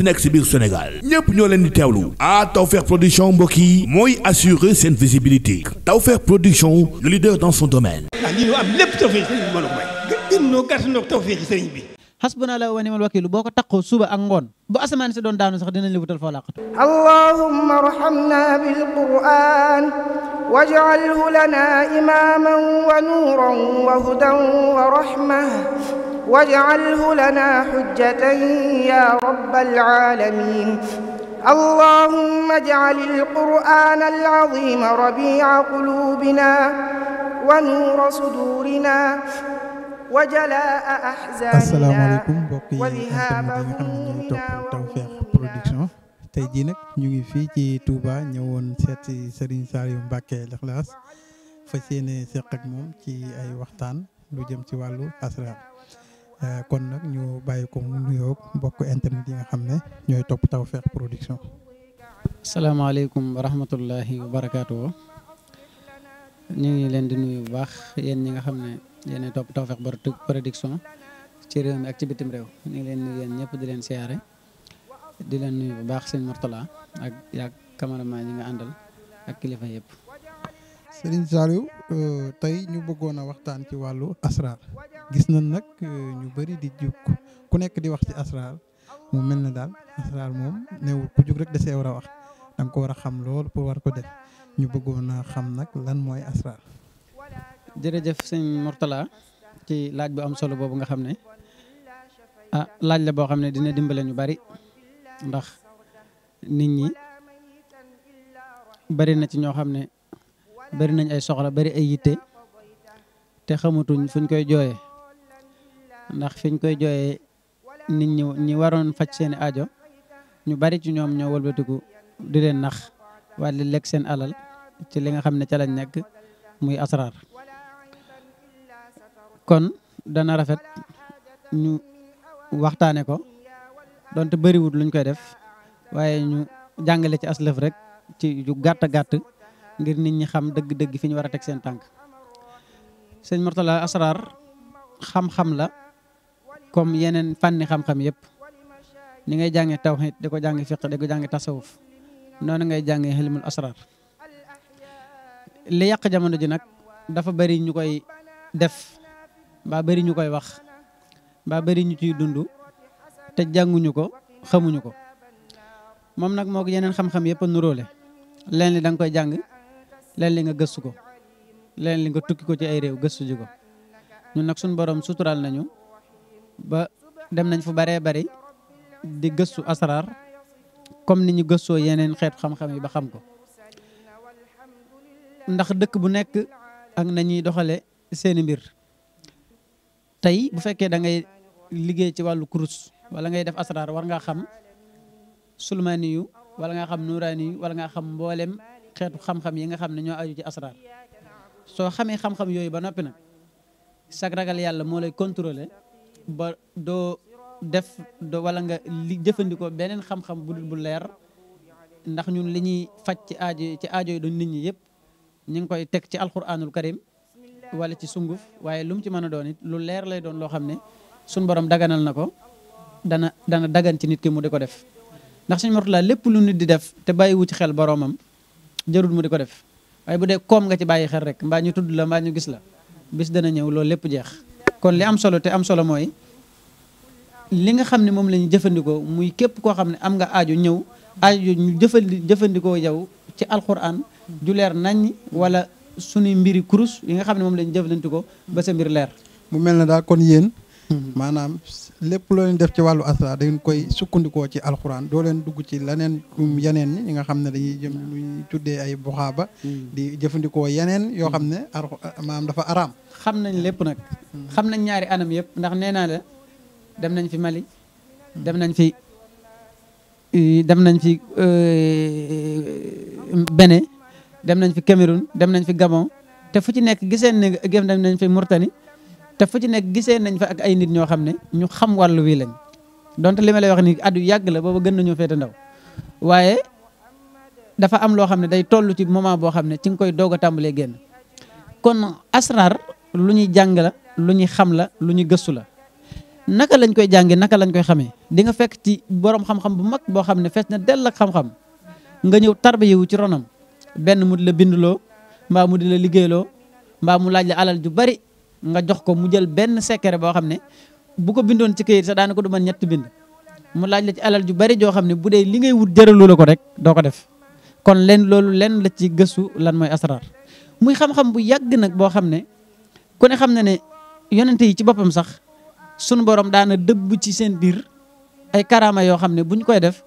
munti nekk si biir Sénégal ñépp ñoo leen di teewlu a Tawfekh production mbokk yi mooy assurer seen visibilité Tawfekh production le leader dans son domaine. ah lii ñu am lépp Tawfekh sëriñ bi mën a may. gën ñoo gàtt ñoo Tawfekh sëriñ bi. hasbunallahu wa ni'mal wakiil boo ko taxoo suba ak ngoon bu asamaan si doon daanu sax dinañ la wutal foo laqatu. allahumma arhamna bil qur'an waj'alhu lana imaman wa nuran wa hudan wa rahma. واجعله لنا حجة يا رب العالمين اللهم اجعل القرآن العظيم ربيع قلوبنا ونور صدورنا وجلاء أحزاننا asalaamaaleykum mbokk yi internet yi nga xam ne ñooy topp Tawfekh Production tey jii nag ñu ngi fii ci Touba ñëwoon seet si Serigne Saliou Mbacké Likhlass fas yéene seq ak moom ci ay waxtaan lu jëm ci wàllu asrar Euh, kon nag ñu bàyyi ko mu nuyoo bokk internet yi nga xam ne ñooy topp Tawfekh Production. asalaamaaleykum wa rahmatullahi wa barakaatu. ñu ngi leen di nuyu bu baax yenn ñi nga xam ne yéen topp Tawfekh Production ci réew mi ak ci bitim réew ñu ngi leen nuyu ñëpp di leen siyaare di leen nuyu bu baax sëñ Mourtala ak yaag cameraman ñi nga àndal ak kilifa yëpp. Serigne Saliou euh, tey ñu bëggoon a waxtaan ci wàllu asraar gis na nag euh, ñu bari di jug ku nekk di wax ci asraar mu mel ne daal asraar moom néew ku jug rek dasee war a wax da ko war a xam lool pour war ko def ñu bëggoon a xam nag lan mooy asraar. jërëjëf sëñ Mourtala ci laaj bu am solo boobu nga xam ne ah laaj la boo xam ne dina dimbale ñu bari ndax nit ñi bari ci ñoo xam ne. bari nañ ay soxla bari ay yitte te xamatuñ fuñ koy jooye ndax fiñ koy jooye nit ñi ñi waroon faj seeni ajo ñu bari ci ñoom ñoo walbatiku di leen nax wala lekk seen alal ci li nga xam ne ca lañ nekk muy asraar kon dana rafet ñu waxtaane ko doonte bariwut luñ koy def waaye ñu jàngale ci aslëf rek ci yu gàtt gàtt ngir nit ñi xam dëgg-dëgg fi ñu war a teg seen tànk sëñ Mourtala asrar xam-xam la comme yeneen fànni xam-xam yëpp ni ngay jànge tawhid di ko jànge fiq di ko jànge tasawuf noonu ngay jànge xilmul asrar li yàq jamono ji nag dafa bari ñu koy def mbaa bari ñu koy wax mbaa bari ñu ciy dund te jànguñu ko xamuñu ko moom nag moo ko yeneen xam-xam yëpp a nuróole leen li da koy jàng leen li nga gëstu ko leen li nga tukki ko ci ay réew gëstu ko ñun nag suñu borom suturaal nañu ba dem nañ fu baree bari di gëstu asraar comme ni ñu gëstoo yeneen xeet xam-xam yi ba xam ko ndax dëkk bu nekk ak nañuy doxale seeni mbir tey bu fekkee da ngay liggéey ci wàllu kurus wala ngay def asraar war ngaa xam sulmaani yu wala nga xam nuuraani yu wala nga xam mboolem xeetu xam-xam yi nga xam ne ñoo aju ci asraar soo xamee xam-xam yooyu ba noppi nag sag ragal yàlla moo lay contrôler ba doo def doo wala nga li jëfandikoo beneen xam-xam bu dul bu leer ndax ñun li ñuy faj ci aajo ci aajo yi doon nit ñi yëpp ñu ngi koy teg ci alquranul karim wala ci sunguf waaye lu mu ci mën a doon lu leer lay doon loo xam ne suñ borom daganal na ko dana dana dagan ci nit ki mu di ko def ndax suñu mortulaa lépp lu nit di def te bàyyiwu ci xel boromam jarul mu di ko def waaye bu dee koom nga ci bàyyi xel rek mbaa ñu tudd la mbaa ñu gis la bis dana ñëw loolu lépp jeex kon li am solo te am solo mooy li nga xam ne moom la jëfandikoo muy képp koo xam ne am nga aaju ñëw aaju ñu jëfandi jëfandikoo yow ci alxuraan ju leer naññ wala suñuy mbiri kurus yi nga xam ne moom la ñu jëfandikoo ba sa mbir leer mu mel na daal kon yéen maanaam lépp loo def ci wàllu asrar da koy sukkandikoo ci alxuraan doo leen dugg ci leneen yeneen ñi nga xam ne dañuy jëm ñuy tuddee ay buxaaba hmm. di jëfandikoo yeneen yoo xam ne ar maanaam dafa araam xam nañ lépp nag hmm. xam nañ ñaari anam yëpp ndax nee naa la dem nañ fi Mali hmm. dem nañ fi dem nañ fi e, Bénin dem nañ fi Cameroun dem nañ fi Gabon te fu ci nekk giseen ne gëm dem nañ fi Mauritanie te fu ci nekk gisee nañ fa ak ay nit ñoo xam ne ñu xam wàllu wii lañ donte li ma lay wax ni at yàgg la boobu gën nañoo féete ndaw waaye dafa am loo xam ne day tollu ci moment boo xam ne ci nga koy doog a tàmbalee génn kon asrar lu ñuy jàng la lu ñuy xam la lu ñuy gëstu la naka lañ koy jàngee naka lañ koy xamee di nga fekk ci boroom xam-xam bu mag boo xam ne fees na dell ak xam-xam nga ñëw tarbiyewu ci ronam benn mu di la bindloo mbaa mu di la liggéeyloo mbaa laaj la alal bari nga jox ko mu jël benn secret boo xam ne bu ko bindoon ci këyit sax daana ko du mën ñett bind mu laaj la ci alal ju bari joo xam ne bu dee li ngay wut jëralu ko rek doo ko def kon leen loolu leen la ci gëstu lan mooy asrar muy xam-xam bu yàgg nag boo xam ne ku ne xam na ne yonente yi ci boppam sax sunu borom daana dëbb ci seen biir ay karaama yoo xam ne bu ñu koy def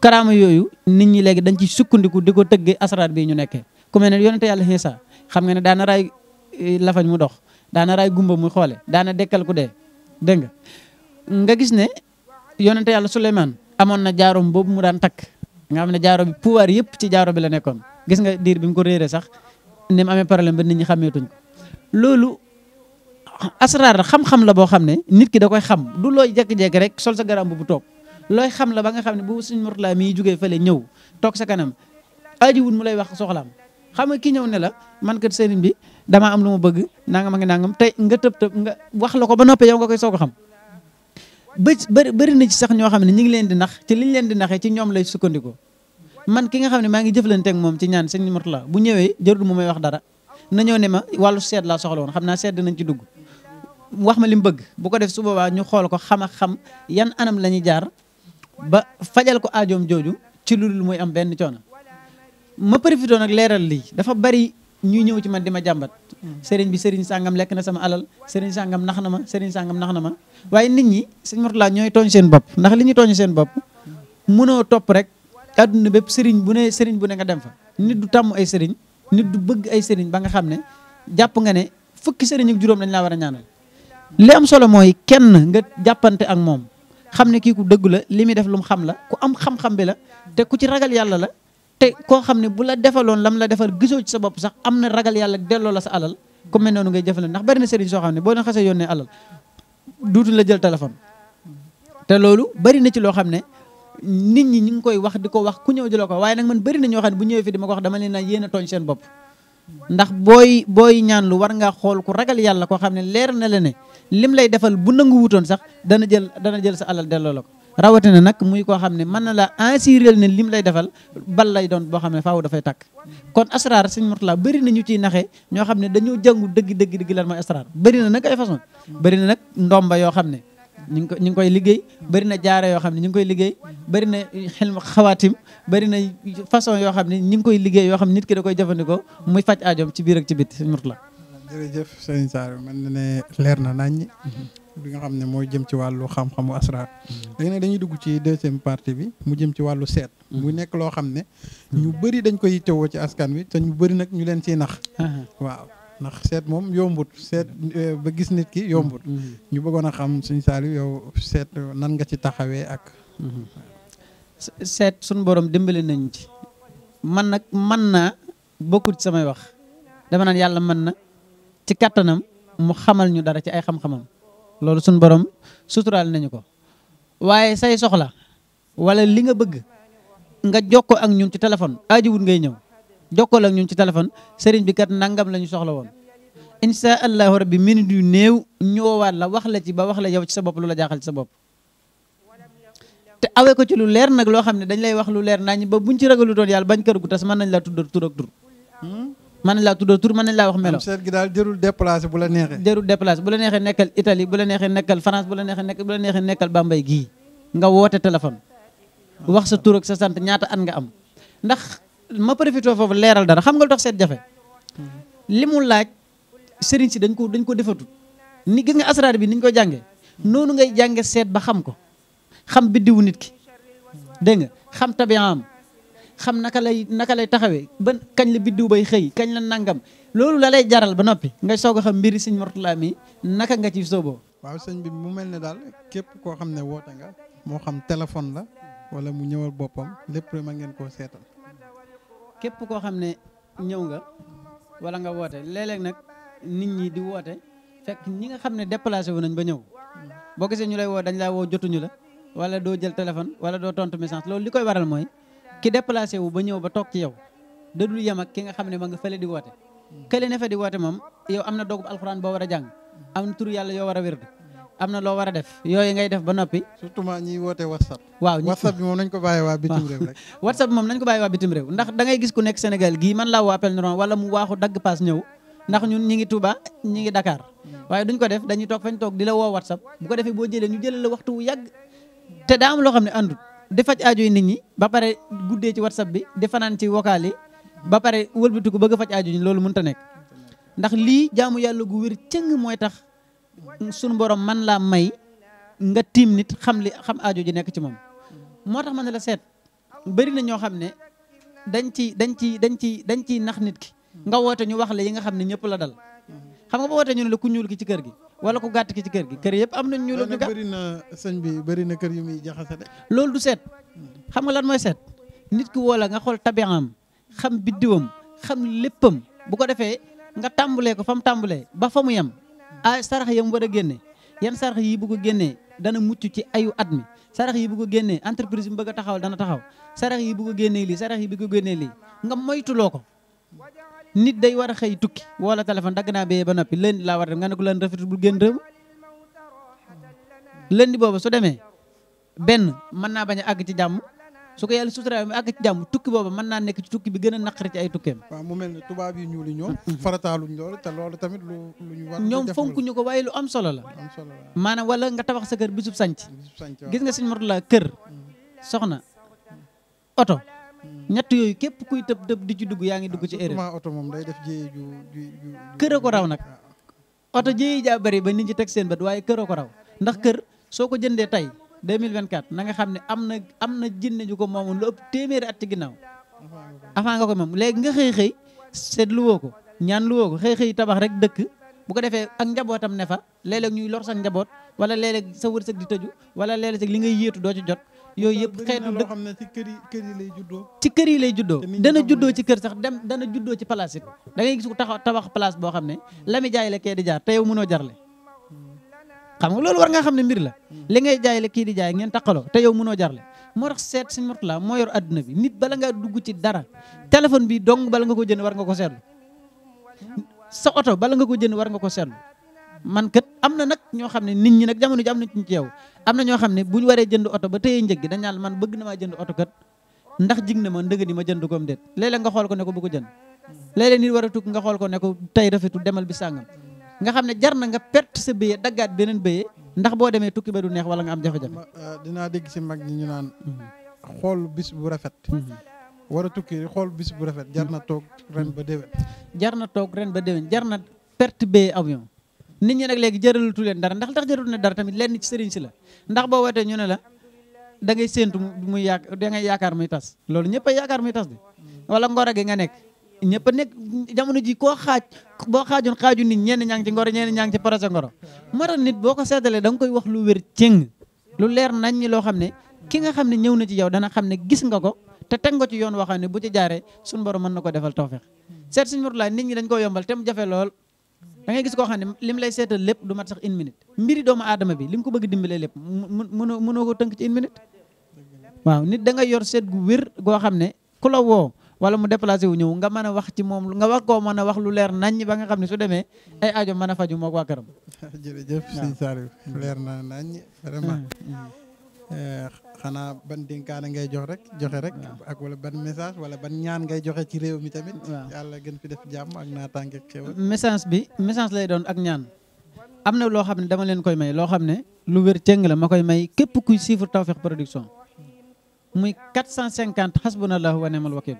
karaama yooyu nit ñi léegi dañ ci sukkandiku di ko tëggee asrar bii ñu nekkee ku mel ne yonente yàlla xiisa xam nga ne daana ray eh, lafañ mu dox daana raay gumba muy xoole daana dekkal ku dee dégg nga nga gis ne yonente yàlla Souleymane amoon na jaaroom boobu mu daan takk nga xam ne jaaro bi pouvoir yëpp ci jaaro bi la nekkoon gis nga diir bi mu ko réeree sax ni mu amee problème ba nit ñi xàmmeetuñ ko loolu asraar xam la boo xam ne nit ki da koy xam du looy jékki rek sol sa garam bu bu toog looy xam la ba nga xam ne bu suñ murtalaa mii jugee fële ñëw toog sa kanam aji wut mu lay wax soxlaam xam nga ki ñëw ne man kat sëriñ bi damaa am lu ma bëgg nangam ngi nangam te nga tëb tëb nga wax la ko ba noppee yow nga koy soog a xam ba bëri na ci sax ñoo xam ne ñu ngi leen di nax ci liñ leen di naxee ci ñoom lay sukkandiku man ki nga xam ne maa ngi jëflanteeg moom ci ñaan sëñ Mourtala bu ñëwee jarul mu may wax dara na ñëw ne ma wàllu seet laa soxla woon xam naa sedd nañ ci dugg wax ma li mu bëgg bu ko def su boobaa ñu xool ko xam xam yan anam la ñuy jaar ba fajal ko aajoom jooju ci lu dul muy am benn coono ma profité leeral lii ñuy ñëw ci man di ma jàmbat hmm. sëriñ bi sëriñ sàngam lekk na sama alal sëriñ sàngam nax na ma sëriñ sàngam nax na ma waaye nit ñi sëñ Mourtala ñooy tooñ seen bopp ndax li ñuy tooñ seen bopp mënoo topp rek àdduna bépp sëriñ bu ne sëriñ bu ne nga dem fa nit du tàmm ay sëriñ nit du bëgg ay sëriñ ba nga xam ne jàpp nga ne fukki sëriñ juróom lañ laa war a ñaanal li am solo mooy kenn nga jàppante ak moom xam ne kii ku dëgg la li muy def lu mu xam la ku am xam bi la te ci ragal yàlla la te koo xam ne bu la defaloon lam la defal gisoo ci sa bopp sax am na ragal yàlla delloo la sa alal ku mel noonu ngay jëfandikoo ndax bari na sëriñ soo xam ne boo leen xasee yónnee alal duutu la jël téléphone. te loolu bari na ci loo xam ne nit ñi ñu ngi koy wax di ko wax ku ñëw di la ko waaye nag man bari na ñoo xam ne bu ñëwee fi di ma ko wax dama leen naan yéen a tooñ seen bopp. ndax booy booy ñaan lu war ngaa xool ku ragal yàlla koo xam ne leer na la ne lim lay defal bu nangu sax dana jël dana jël sa alal delloo la ko. rawatina nag muy koo xam ne mën na laa assuré ne lim lay defal bal lay doon boo xam ne faaw dafay takk kon asrar sëñ Mourtala bëri na ñu ciy naxee ñoo xam ne dañoo jàngu dëgg dëgg dëgg lan mooy asrar bëri na nag ay façon bëri na nag ndomba yoo xam ne ñu ngi ko ñu ngi koy liggéey bëri na jaare yoo xam ne ñu ngi koy liggéey bëri na xel xawaatim bëri na façon yoo xam ne ñu ngi koy liggéey yoo xam ne nit ki da koy jëfandikoo muy faj aajoom ci biir ak ci bit sëñ Mourtala jërëjëf sëñ Saar mën na ne leer na naññ bi nga xam ne mooy jëm ci wàllu xam-xamu asraar léegi dañuy dugg ci deuxième partie bi mu jëm ci wàllu seet mm-hmm. mu nekk loo xam ne mm-hmm. ñu bëri dañ koy yittewoo ci askan wi te ñu bëri nag ñu leen ciy nax uh-huh. waaw ndax seet moom yombut seet mm-hmm. eh, ba gis nit ki yombut ñu bëggoon a xam suñ saali yow seet nan nga ci taxawee ak seet suñ borom dimbali nañ ci man nag man naa bokkut samay wax dama naan yàlla mën na ci kattanam mu xamal ñu dara ci ay xam-xamam loolu suñ borom suturaal nañu ko waaye say soxla wala li nga bëgg nga ko ak ñun ci téléphone aajowut ngay ñëw jokkoo ak ñun ci téléphone sëriñ bi kat nangam la ñu soxla woon incha allahu bi minute yu néew ñëwaat la wax la ci ba wax la yow ci sa bopp lu la jaaxal ci sa bopp te awee ko ci lu leer nag loo xam ne dañ lay wax lu leer naa ñi ba buñ ci ragalu doon yàlla bañ kër gu tas mën nañ la tudd tur ak tur mën nañ laa tuddal tur mën nañ laa wax melo seet gi daal jërul déplacé bu la neexee jërul déplacé bu la neexee nekkal Italie bu la neexee nekkal France bu la neexee nekk bu la neexee nekkal Bambey gii nga woote téléphone wax sa tur ak sa sant ñaata at nga am ndax ma profité foofu leeral dara xam nga lu tax seet jafe li mu laaj sëriñ si dañ ko dañ ko defatul ni gis nga asraar bi ni ñu ko jàngee noonu ngay jànge seet ba xam ko xam biddiwu nit ki dégg nga xam tabiaam xam naka lay naka lay taxawee ba kañ la biddiw bay xëy kañ la nangam loolu la lay jaral ba noppi nga soog a xam mbiri sëñ Mourtalla mi naka nga ci sooboo. waaw sëñ bi mu mel ne daal képp koo xam ne woote nga moo xam téléphone la wala mu ñëwal boppam lépp ma ngeen koo seetal. képp koo xam ne ñëw nga wala nga woote léeg-léeg nag nit ñi di woote fekk ñi nga xam ne déplacé wu nañ ba ñëw boo gisee ñu lay woo dañ laa woo jotuñu la wala doo jël téléphone wala doo tontu message loolu li koy waral mooy. ki déplacé wu ba ñëw ba toog ci yow da dul yem ak ki nga xam ne ma nga fële di woote kële ne fa di woote moom yow am na dogub alxuraan boo war a jàng am na tur yàlla yoo war a wérdu am na loo war a def yooyu ngay def ba noppi waaw whatsapp bi moom nañ ko bàyyi waa bitim réew ndax da gis ku nekk Sénégal gii man laa woo appel noron wala mu waaxu dagg paas ñëw ndax ñun ñi ngi Touba ñi ngi Dakar waaye duñ ko def dañuy toog fañ toog di la woo whatsapp di faj yi nit ñi ba pare guddee ci whatsapp bi di fanaan ci vocal yi ba pare wëlbatiku bëgg faj aajo yi loolu mënta nekk ndax lii jaamu yàlla gu wér cëng mooy tax sunu borom man laa may nga tiim nit xam li xam aajo ji nekk ci moom moo tax ma ne la seet bëri na ñoo xam ne dañ ci dañ ci dañ ci dañ ciy nax nit ki nga woote ñu wax la yi nga xam ne ñëpp la dal xam nga ba woote ñu ne la ku ñuul ki ci kër gi wala ko gàtt ki ci kër gi kër yëpp am nañ ñu la ñu gàtt bëri na sëñ bi bëri na kër yu muy jaxase de loolu du seet xam nga lan mooy seet nit ki woo la nga xool tabiam xam biddiwam xam léppam bu ko defee nga tàmbalee ko fa mu tàmbalee ba fa mu yem ah sarax yam war a génne yan sarax yii bu ko génnee dana mucc ci ayu at mi sarax yi bu ko génnee entreprise mu bëgg a taxawal dana taxaw sarax yi bu ko génnee lii sarax yi bu ko génnee lii nga moytuloo ko nit day war a xëy tukki wala téléphone dagg naa bee ba noppi lënd laa war a dem nga ne ko lënd rafetul bul génn réew lënd boobu su demee benn mën naa bañ a ci jàmm su ko yàlla sutura mi àgg ci jàmm tukki boobu mën naa nekk ci tukki bi gën a naqari ci ay tukkeem mu mel ne tubaab yi ñuul ñoom farataaluñ loolu te loolu tamit lu ñu war ñoom fonkuñu ko waaye lu am solo la maanaam wala nga tabax sa kër bisub sanc gis nga suñ mortu laa kër mm. soxna oto ñett yooyu képp kuy tëb tëb di ci dugg yaa ngi dugg ci erreur oto moom day def jéey ju kër a ko raw nag oto jéey jaa bëri ba nit ñi teg seen bët waaye kër a ko raw ndax kër soo ko jëndee tey 2024 na nga xam ne am na am na jinne ñu ko moomoon lu ëpp téeméeri at ci ginnaaw avant nga ko moom léegi nga xëy xëy seet lu woo ko ñaan lu woo ko xëy xëy tabax rek dëkk bu ko defee ak njabootam ne fa léeg ñuy lor sax njaboot wala léeg-léeg sa wërsëg di tëju wala léeg-léeg li ngay yéetu doo ci jot yooyu yëpp xeetu dëkk xam ne ci kër yi kër yi lay juddoo ci kër yi lay juddoo dana juddoo ci kër sax dem dana juddoo ci place it da ngay gis ku taxaw tabax place boo xam ne hmm. la mi jaay la kee di jaar te yow mënoo jarle xam nga loolu war nga xam ne mbir la hmm. li ngay jaay kii di jaay ngeen taqaloo te yow mënoo jarle moo tax seet sëñ Murtala moo yor àdduna bi nit bala ngaa dugg ci dara téléphone bii dong bala nga ko jënd war nga ko seetlu sa oto bala nga ko jënd war nga ko seetlu man kat am na nag ñoo xam ne nit ñi nag jamono ji am na ci yow am na ñoo xam ne bu ñu waree jënd oto ba téye njëg gi dañ man bëgg na maa jënd oto kat ndax jig na ma ndëgg ni ma jënd koom déet léeg nga xool ko ne ko bu ko jënd léeg-léeg nit war a tukk nga xool ko ne ko tey rafetul demal bi sàngam nga xam ne jar na nga pert sa béyee daggaat beneen béyee ndax boo demee tukki ba du neex wala nga am jafe-jafe euh, dinaa dégg si mag ñi ñu naan mhm. xool bis bu rafet mhm. war a tukki xool bis bu rafet jar na toog ren ba déwén jar na toog ren ba déwén jar na perte béyee avion nit ñi nag léegi jëralatu leen dara ndax ndax jëralu ne dara tamit lenn ci sëriñ si la ndax boo wootee ñu ne la dangay ngay séentu muy yaa da ngay yaakaar muy tas loolu ñëpp yaakaar muy tas de wala ngoro gi nga nekk ñëpp a nekk jamono ji koo xaaj boo xaajoon xaaju nit ñenn ñaa ngi ci ngoro ñenn ñaa ngi ci projet ngoro moo nit boo ko seetalee danga koy wax lu wér cëng lu leer nañ ñi loo xam ne ki nga xam ne ñëw na ci yow dana xam ne gis nga ko te teg ko ci yoon waxam ne bu ci jaaree suñu borom mën na ko defal tawfeex seet suñu murulaay nit ñi dañ koo yombal te mu jafe lool da gis koo xam ne lim lay seetal lépp du mat sax une minute mbiri doomu aadama bi lim ko bëgg dimbalee lépp mënoo noo ko tënk ci une minute waaw nit da nga yor seet gu wér goo xam ne ku la woo wala mu déplacé wu ñëw nga mën a wax ci moom nga wax koo mën a wax lu leer naññ ba nga xam ne su demee ay aajo mën a faju moog waa këram jërëjëf sëñ Saliou leer na naññ vraiment mm, mm. Eh, xanaa ban dénkaane ngay jox rek joxe rek. ak wala ban message wala ban ñaan ngay joxe ci réew mi tamit. yàlla gën fi def jàmm ak naataange ak xéwal. message bi message lay doon ak ñaan. am na loo xam ne dama leen koy may loo xam ne lu wér cëng la ma koy may képp kuy suivre Tawfekh Production. muy 450 xasbunallahu wa ni'mal wakiil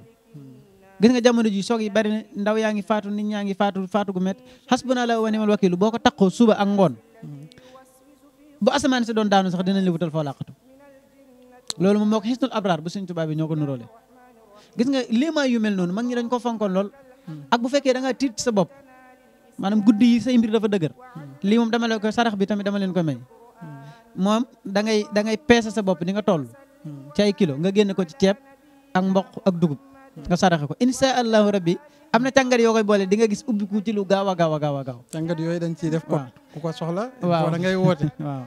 gis nga jamono ji soog yi bari na ndaw yaa ngi faatu nit ñaa ngi faatu faatu gu met xasbunallahu wa ni'mal wakiil boo ko takkoo suba ak ngoon. bu asamaan si doon daanu sax dinañ la wutal foo làqatu loolu moom moo ko xisnul abraar bu Sëñ Tuubaa bi ñoo ko nuróole gis nga léemaa yu mel noonu mag ñi dañ ko fonkoon lool ak bu fekkee da tiit sa bopp maanaam guddi yi say mbir dafa dëgër lii moom dama la koy sarax bi tamit dama leen koy may moom da ngay da ngay peese sa bopp ni nga toll ci ay kilo nga génn ko ci ceeb ak mboq ak dugub nga saraxe ko insha allahu rabbi am na càngat yoo koy boole di nga gis ubbiku ci lu gaaw a gaaw a gaaw a gaaw càngat yooyu dañ ciy def code ku ko soxla waaw da ngay woote waaw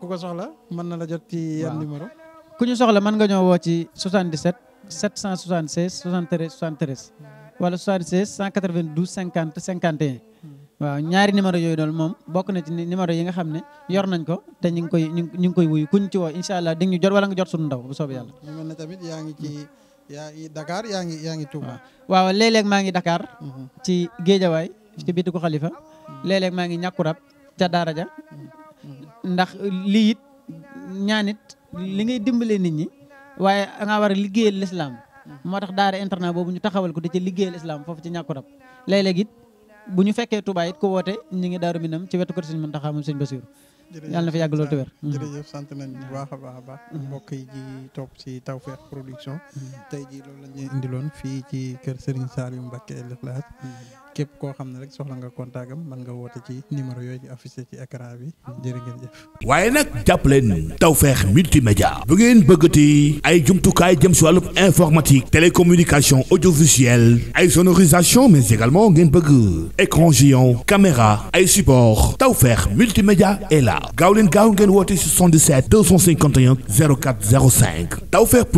ku ko soxla mën na la jot ci yan numéro ku ñu soxla mën nga ñoo woo ci 77 776 73 73 wala 76 192 50 51 waaw ñaari numéro yooyu doon moom bokk na ci numéro yi nga xam ne yor nañ ko te ñu ngi koy ñu ngi koy wuyu kuñ ci woo incha allah di nga ñu jot wala nga jot suñu ndaw bu soobee yàlla. ñu mel ne tamit yaa ngi ci yaa ngi yaa ngi yaa ngi Touba. waaw léeg maa ngi dakaar mhm. ci géejawaay ci biti ko xalifa. Mhm. léeg maa ngi ñàkku rab ca daara ja mhm. ndax lii it ñaanit li ngay dimbalee nit ñi waaye nga war a liggéeyal lislaam moo tax daara internat boobu ñu taxawal ko di ci liggéeyal lislaam foofu ci ñàkku léeg-léeg bu ñu fekkee Touba it ku woote ñu ngi daaru nam ci wetu kër Sëñ Muntaxa moom Sëñ Basiru yàlla na fi yàgg loolu te wér jërëjëf sant nañ bu baax a baax a baax mm-hmm. mbokk yi ji topp ci Tawfekh Production mm-hmm. tey ji loolu la ñuy indiloon fii ci kër Serigne Saliou Mbacké Likhlass képp koo xam ne rek soxla nga contact am mën nga woote ci numéro yooyu ñu affiché ci écran bi jërë ngeen jëf. waaye nag jàppaleen Tawfekh multimédia bu ngeen bëggati ay jumtukaay jëm si wàllu informatique télécommunication audiovisuelle ay sonorisation mais également ngeen bëgg écran géant caméra ay support Tawfekh multimédia est la gaaw leen gaaw ngeen woote 77 251 04 05 Tawfekh